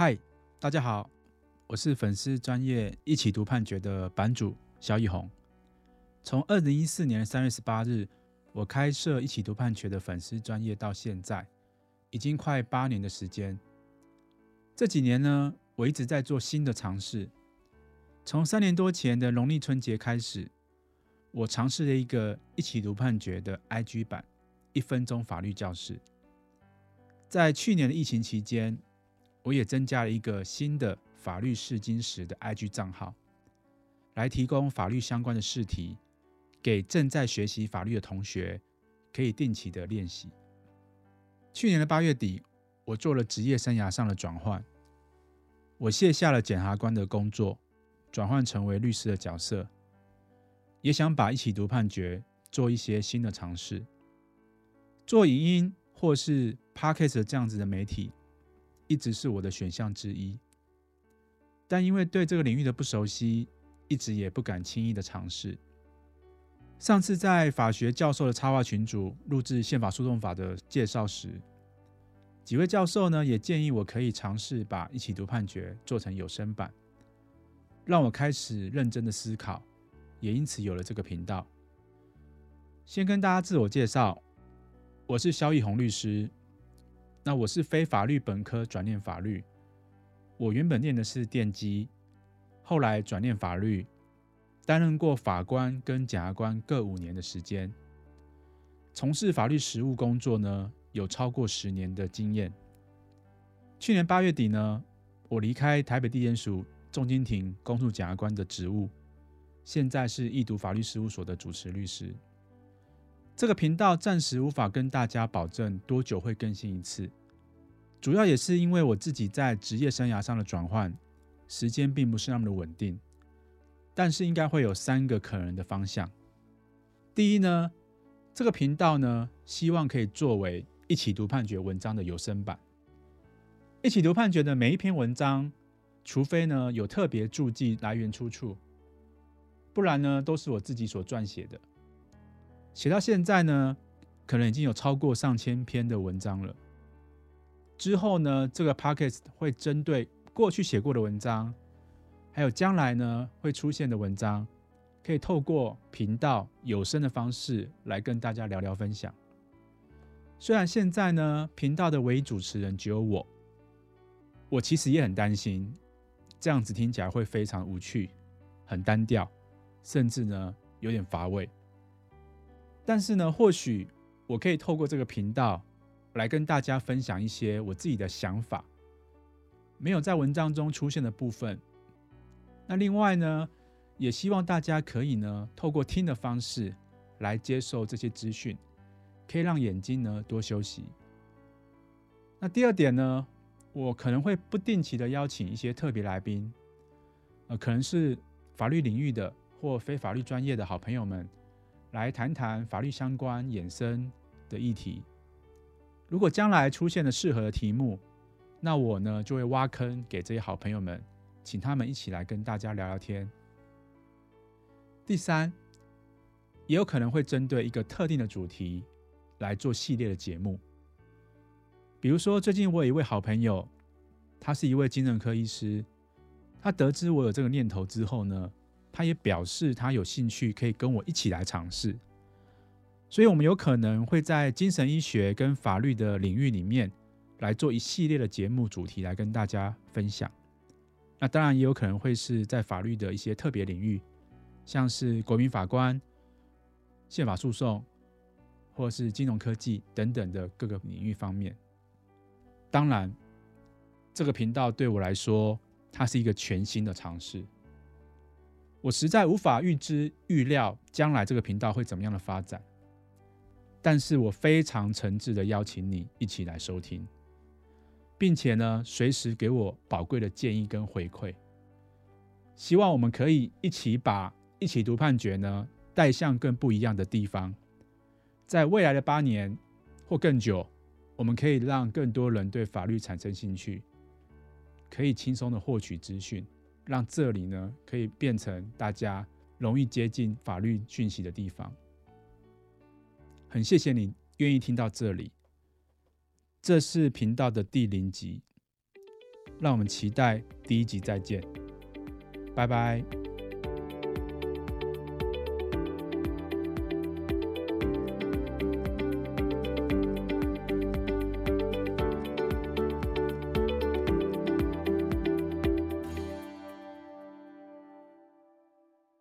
嗨，大家好，我是粉絲專業一起讀判決的版主小宇宏。從二零一四年三月十八日，我開設一起讀判決的粉絲專業到現在，已經快八年的時間。這幾年呢，我一直在做新的嘗試。從三年多前的農曆春節開始，我嘗試了一個一起讀判決的 IG 版，一分鐘法律教室。在去年的疫情期間，我也增加了一個新的法律試金石的 IG 賬號，來提供法律相關的試題給正在學習法律的同學，可以定期的練習。去年的八月底，我做了職業生涯上的轉換，我卸下了檢察官的工作，轉換成為律師的角色，也想把一起讀判決做一些新的嘗試，做影音或是 Podcast 這樣子的媒體，一直是我的選項之一，但因為對這個領域的不熟悉，一直也不敢輕易的嘗試。上次在法學教授的插畫群組錄制憲法訴訟法的介紹時，幾位教授呢也建議我可以嘗試把一起讀判決做成有聲版，讓我開始認真的思考，也因此有了這個頻道。先跟大家自我介紹，我是蕭奕弘律師。那我是非法律本科轉念法律，我原本念的是電機，後來轉念法律，擔任過法官跟檢察官各五年的時間，從事法律實務工作呢有超過十年的經驗。去年八月底呢，我離開台北地檢署重金庭公訴檢察官的職務，現在是奕讀法律事務所的主持律師。這個頻道暫時無法跟大家保證多久會更新一次。主要也是因為我自己在職業生涯上的轉換，時間並不是那麼的穩定，但是應該會有三個可能的方向。第一呢，這個頻道呢，希望可以作為一起讀判決文章的有聲版。一起讀判決的每一篇文章，除非呢有特別注記來源出處，不然呢都是我自己所撰寫的。寫到現在呢，可能已經有超過上千篇的文章了。之後呢，這個 Podcast 會針對過去寫過的文章，還有將來呢會出現的文章，可以透過頻道有聲的方式來跟大家聊聊分享。雖然現在呢，頻道的唯一主持人只有我，我其實也很擔心，這樣子聽起來會非常無趣、很單調，甚至呢有點乏味。但是呢，或許我可以透過這個頻道。來跟大家分享一些我自己的想法，沒有在文章中出現的部分。那另外呢，也希望大家可以呢，透過聽的方式來接受這些資訊，可以讓眼睛呢多休息。那第二點呢，我可能會不定期的邀請一些特別來賓，呃，可能是法律領域的或非法律專業的好朋友們，來談談法律相關衍生的議題。如果將來出現了適合的題目，那我呢就會挖坑給這些好朋友們，請他們一起來跟大家聊聊天。第三，也有可能會針對一個特定的主題來做系列的節目。比如說，最近我有一位好朋友，他是一位精神科醫師，他得知我有這個念頭之後呢，他也表示他有興趣可以跟我一起來嘗試。所以，我們有可能會在精神醫學跟法律的領域裡面來做一系列的節目主題，來跟大家分享。那當然，也有可能會是在法律的一些特別領域，像是國民法官、憲法訴訟，或是金融科技等等的各個領域方面。當然，這個頻道對我來說，它是一個全新的嘗試。我實在無法預知預料將來這個頻道會怎麼樣的發展。但是我非常誠摯的邀請你一起來收聽，並且呢，隨時給我寶貴的建議跟回饋。希望我們可以一起把一起讀判決呢帶向更不一樣的地方。在未來的八年或更久，我們可以讓更多人對法律產生興趣，可以輕鬆的獲取資訊，讓這裡呢可以變成大家容易接近法律訊息的地方。很謝謝你願意聽到這裡，這是頻道的第零集，讓我們期待第一集。再見，拜拜。